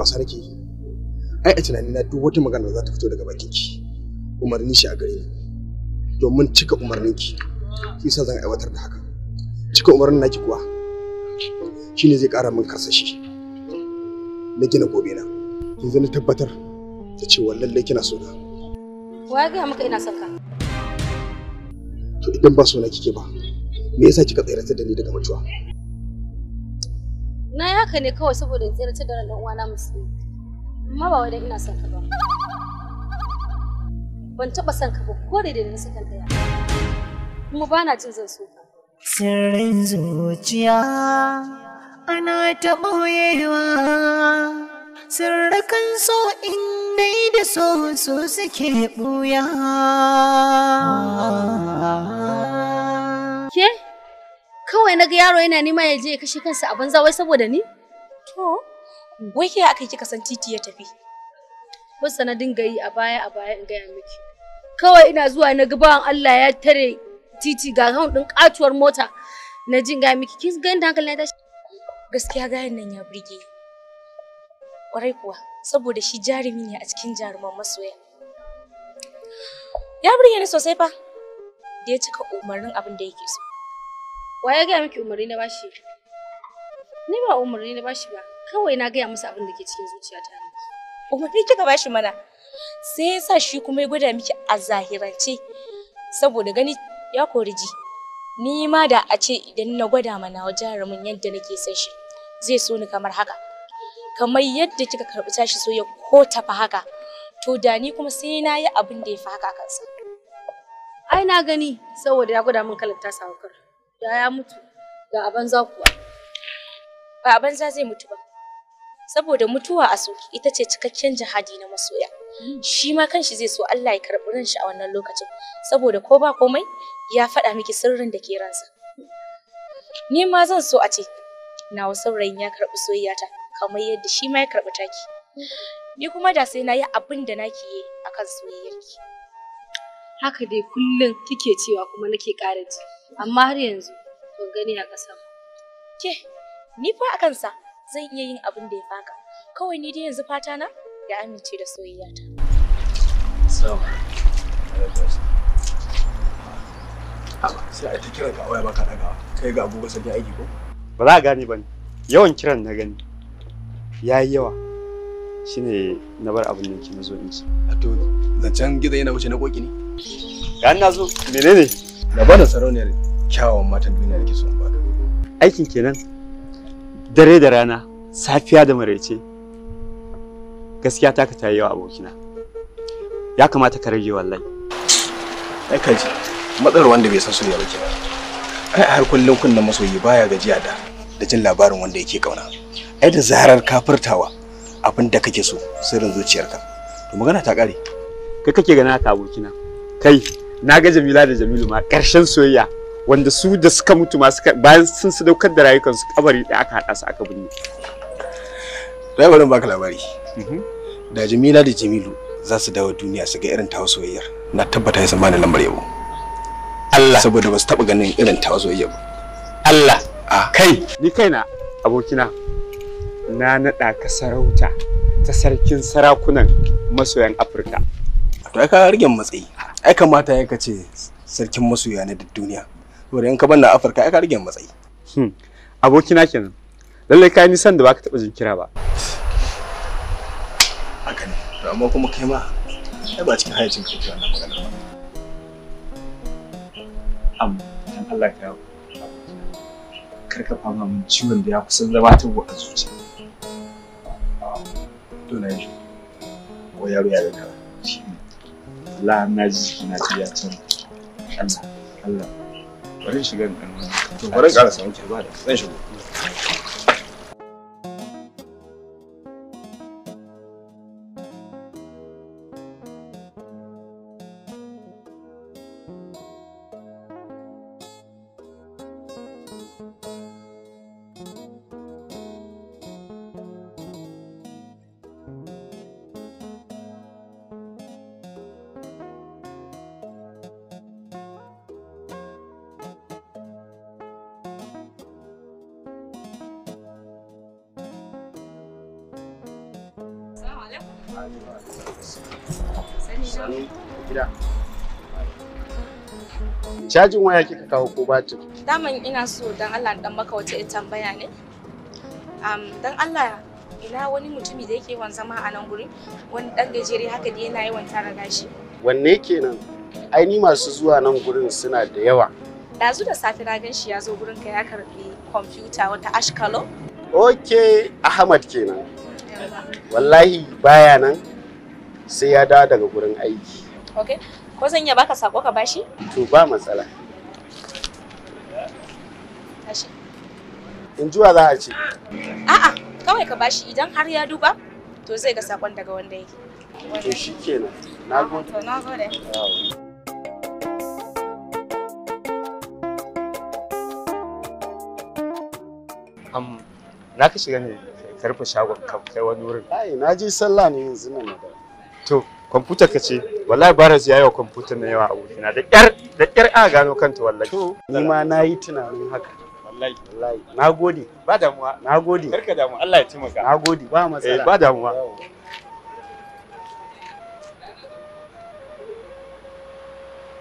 wasa ke yi ai a tunani na duk wata magana za ta fito daga bakin ki umarni shi a gare ni domin cika umarnin ki shi sa zan aiwatar da haka cika umarnin naki kuwa shine zai kara min karsashi na gina gobe na yanzu na tabbatar da cewa lallai kina so na wa ga maka ina son ka to idan ba so na kike ba me yasa kika tsayar da ni daga mutuwa na yi haka ne kawai saboda in ta da ran uwana musulmi amma ba wai ina son ka ba ban taba son ka ba ko da na sakan daya kuma ba na jin zan so ka sirrin zuciya ana ta ɓoyewa sirrikan so in dai da so so suke ɓuya kawai na ga yaro yana nima ya je ya kashe kansa a banza wai saboda ni? To, wai ke aka kika san titi ya tafi? Wasu sanadin gari a baya a baya in gaya miki. Kawai ina zuwa na ga bawan Allah ya tare titi ga hawan din katuwar mota. Na jin gaya miki, kin ga inda hankali na tashi? Gaskiya gayan nan ya burge. Kwarai kuwa, saboda shi jarumi ne a cikin jaruman masoya. Ya burge ni sosai fa. Da ya cika umarnin abin da yake so. Wa ya gaya miki umarni na bashi? Ni ba umarni na bashi ba, kawai na gaya masa abin da ke cikin zuciyata ne. Umarni kika bashi mana. Sai ya sa shi kuma ya gwada miki a zahirance saboda gani ya kori ji. Ni ma da a ce idan na gwada mana wa jarumin yadda nake son shi zai so ni kamar haka. Kamar yadda kika karɓi tashi so ya ko tafa haka. To da ni kuma sai na yi abin da ya fi haka kansa. Ai na gani saboda ya gwada min kalar tasa wakar. da ya mutu ga a banza kuwa ba a banza zai mutu ba saboda mutuwa a soki ita ce cikakken jihadi na masoya shi ma kanshi zai so Allah ya karɓi ran shi a wannan lokacin saboda ko ba komai ya faɗa miki sirrin da ke ransa ni ma zan so a ce nawa saurayin ya karɓi soyayyata kamar yadda shi ma ya karɓi taki ni kuma da sai na yi abin da nake yi akan soyayyarki haka dai kullum kike cewa kuma nake ƙara ji amma har yanzu ban gani a ƙasa ke ni fa a kansa zan iya yin abin da ya faka kawai ni dai yanzu fata na ya amince da soyayya ta so sai a ta kira ka waya baka daga kai ga agogo sai aiki ko ba za a gane ba ne yawan kiran na gani ya yi yawa shine na bar abin da ke mazo in ci a to zancen gizo yana wuce na koki ne Ga na zo. Menene? Labarin sarauniyar kyawawan matan duniya da ke son baka. Aikin kenan. Dare da rana, safiya da maraice. Gaskiya taka ta yi yawa abokina. Ya kamata ka rage wallahi. Ai kaji, matsalar wanda bai san soyayya ba kenan. Ai har kullum kunnan masoyi baya gajiya da da jin labarin wanda yake kauna. Ai da zarar ka furtawa abin da kake so sirrin zuciyarka. To magana ta kare. Kai kake ganin haka abokina. kai na ga jamila da jamilu ma ƙarshen soyayya wanda su da suka mutu masu bayan sun su daukar da rayukansu kabari da aka haɗa su aka binne labarin baka labari mhm. da jamila da jamilu za su dawo duniya su ga irin tawa soyayyar na tabbata ya zama da lambar yabo Allah saboda ba su taɓa ganin irin tawa soyayyar ba Allah ah. kai ni kaina abokina na naɗa ka sarauta ta sarkin sarakunan masoyan Afirka to ka rigen matsayi ai kamata ya kace sarkin masoya na duk duniya saboda in ka banna afirka ai ka rage matsayi hmm. abokina kenan lallai ka san da baka taba jin kira ba haka ne to amma kuma kai ma ai ba cikin hayacin ka kake wannan magana ba am dan Allah ka kar ka fama min ciwon da ya kusan zama ta a zuciya to na yi ko yaro ya ga shi ne la na ji na ya can Allah Allah bari shiga ɗan to bari ke ba da zan shigo Cajin waya kika kawo ko batir? Daman ina so don Allah dan maka wata tambaya ne. Um, don Allah ina wani mutumi da yake yawan zama a nan gurin wani dan gajere haka da yana yawan tara gashi. Wanne kenan? Ai ni masu zuwa nan gurin suna da yawa. Dazu da safe na gan shi ya zo gurin ka ya karbi kwamfuta wata ashkalo. Ok, Ahmad kenan. wallahi baya nan sai ya dawo daga gurin aiki okay ko zan iya baka sako ka bashi to ba matsala tashi in juwa za a ce a'a kawai ka bashi idan har ya duba to zai ga sakon daga wanda yake to shikenan nagode to nagode na ka shiga ne Karfe shagon ka kai wani wurin ai na je sallah ne yanzu nan da to kwamfutar ka ce wallahi baras ya yi wa kwamfutar na yawa a wurina da kyar da kyar a gano kanta wallahi to ni ma na yi tunanin haka wallahi wallahi na gode ba damuwa na gode karka damu Allah ya taimaka na gode ba matsala eh, ba damuwa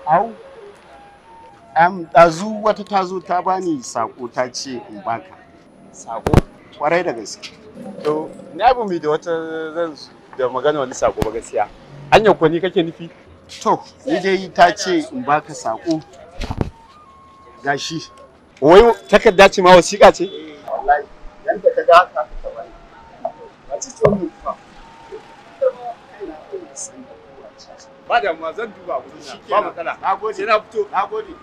au am ɗazu wata tazo ta bani sako ta ce in baka sako kwarai da gaske to ni abu mi da wata zan da magana wani sako ba gaskiya anya ko ni kake nufi to ni dai ta ce in baka sako gashi wai takarda ce ma wasiƙa ce wallahi yanda ka ga haka ka wani a cikin mu fa ba da ma zan duba ku ba matsala na gode na gode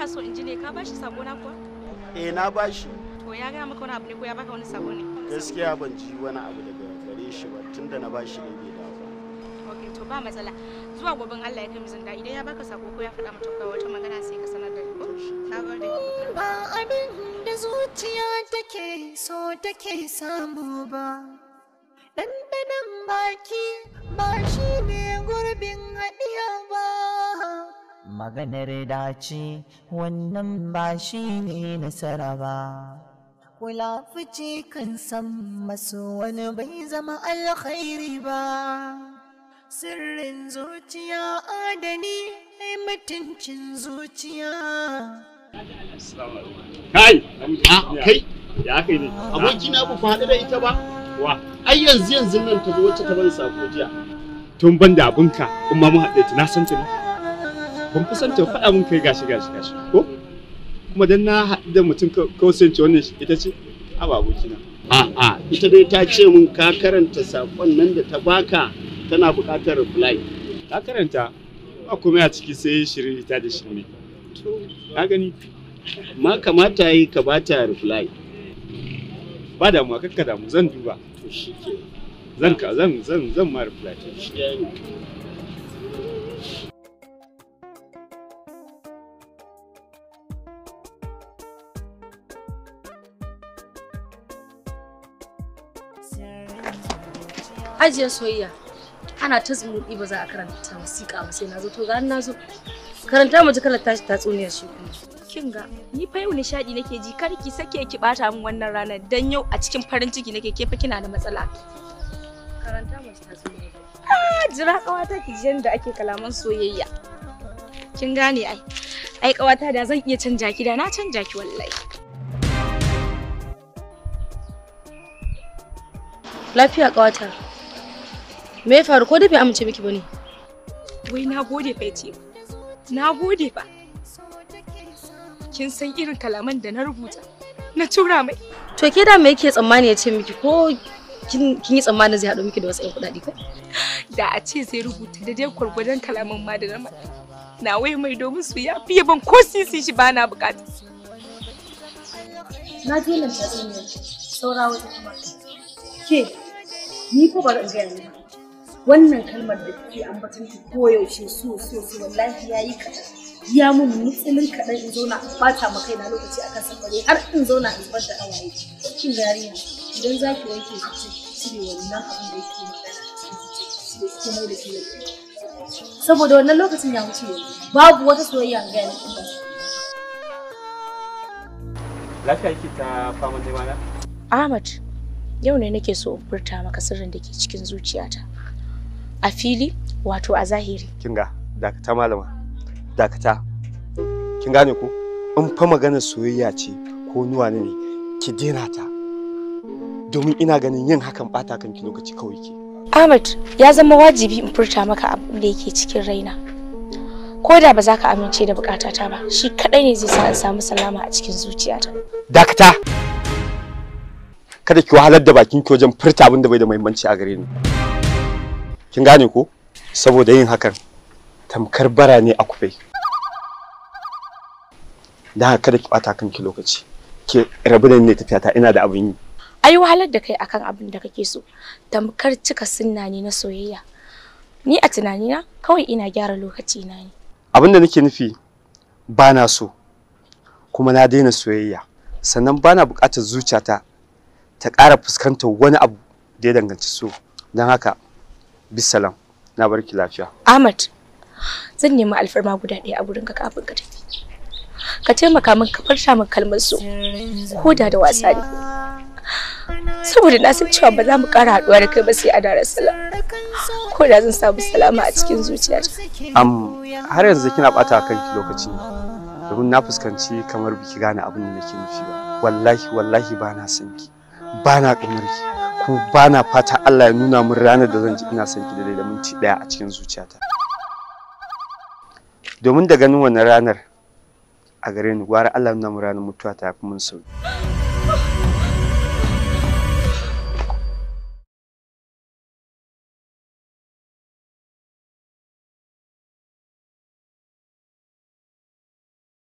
kana so in ji ne ka bashi sako na kuwa eh na bashi to ya ga maka wani abu ne ko ya baka wani sako ne gaskiya ban ji wani abu daga gare shi ba tunda na bashi ne bai dawo okay to ba matsala zuwa gobin Allah ya kai mizin da idan ya baka sako ko ya faɗa mata kawai wata magana sai ka sanar da ni ko na gode ba abin da zuciya take so take samu ba ɗanɗanon baki ba shi ne gurbin haɗiya ba maganar dace wannan ba shi ne nasara ba kula fice kan san masu wani bai zama alkhairi ba sirrin zuciya adani ai mutuncin zuciya kai a ah, kai ya kai ne aboki na ku faɗi da ita ba wa ai yanzu yanzu nan ta zo wacce ta bani sako jiya tun ban da abinka in ma mu haɗe ta na san ta ne ban fi san faɗa mun kai gashi gashi gashi ko kuma dan na haɗu da mutum kawai sai ce wannan ita ce a kina abokina a'a ita dai ta ce mun ka karanta sakon nan da ta baka tana buƙatar reply ka karanta ba kuma a ciki sai shirin ta da shi to ka gani ma kamata yi ka bata reply ba damuwa kakka damu zan duba to shike zan ka zan zan zan ma reply to shi ajiye soyayya ana ta zumuɗi ba za a karanta wasiƙa ba sai na zo to ga na zo karanta mu ji kalar tashi tatsuniyar shi kuma kin ga ni fa yau nishadi nake ji kar ki sake ki bata min wannan ranar dan yau a cikin farin ciki nake ke fa kina da matsala karanta mu ji tatsuniyar ah jira kawata ki ji da ake kalaman soyayya kin gane ai ai kawata da zan iya canja ki da na canja ki wallahi lafiya kawata Me ya faru ko da bai amince miki bane? Wai na gode fa yace. Na gode fa. Kin san irin kalaman da na rubuta. Na tura mai. To ke da me yake tsammani ya ce miki ko kin yi tsammanin zai haɗu miki da wasu 'yan kuɗaɗe ko? Da a ce zai rubuta da dai gwargwadon kalaman ma da na mata. Na wai mai domin su ya fiye ban ko sisi shi ba na bukata. Na je nan ta saura wata kuma. Ke, ni ko ba in gaya wannan kalmar da ke ambatan ta koyaushe so so so wallahi ya yi kaɗan ya mun mutsilin kaɗan in zauna a ɓata ma kaina lokaci akan safare har in zauna in zubar da awaye cikin gariya idan za ki wanke ki cire wannan abin da yake magana da yake mai da ke saboda wannan lokacin ya wuce babu wata soyayya ga ni lafiya ki ta fama ne mana Ahmad yau ne nake so in furta maka sirrin da ke cikin zuciyata a fili wato a zahiri kinga dakata malama dakata kin gane ko in fa maganar soyayya ce ko nuwa ne ki dena ta domin ina ganin yin hakan bata kan ki lokaci kawai ke Ahmad ya zama wajibi in furta maka abin da yake cikin raina ko da ba za ka amince da bukatata ba shi kadai ne zai sa in samu salama a cikin zuciyata dakata kada ki wahalar da bakin ki wajen furta abin da bai da muhimmanci a gare ni kin gane ko saboda yin hakan tamkar bara ne a kufai da haka kada ki bata ki lokaci ke rabu da ne tafiya ta ina da abin yi ai wahalar da kai akan abin da kake so tamkar cika sunna ne na soyayya ni a tunanina kawai ina gyara lokaci na ne abin da nake nufi ba na so kuma na daina soyayya sannan ba na buƙatar zuciyata ta ƙara fuskantar wani abu da ya danganci so don haka bisalam na barki lafiya ahmad zan nemi alfarma guda ɗaya a wurin kafin ka tafi ka taimaka min ka farsha min kalmar so ko da wasa ne saboda na san cewa ba za mu ƙara haɗuwa da kai ba sai a daren salam ko da zan samu salama a cikin zuciyata am har yanzu kina ɓata kanki lokaci ne domin na fuskanci kamar biki gane abin da nake nufi ba wallahi wallahi ba na san ki ba na kamar ki ku ba na fata Allah ya nuna mun ranar da zan ji ina son ki da minti ɗaya a cikin zuciyata domin da ganin wannan ranar a gare ni gwara Allah ya nuna min ranar mutuwa ta fi mun sauki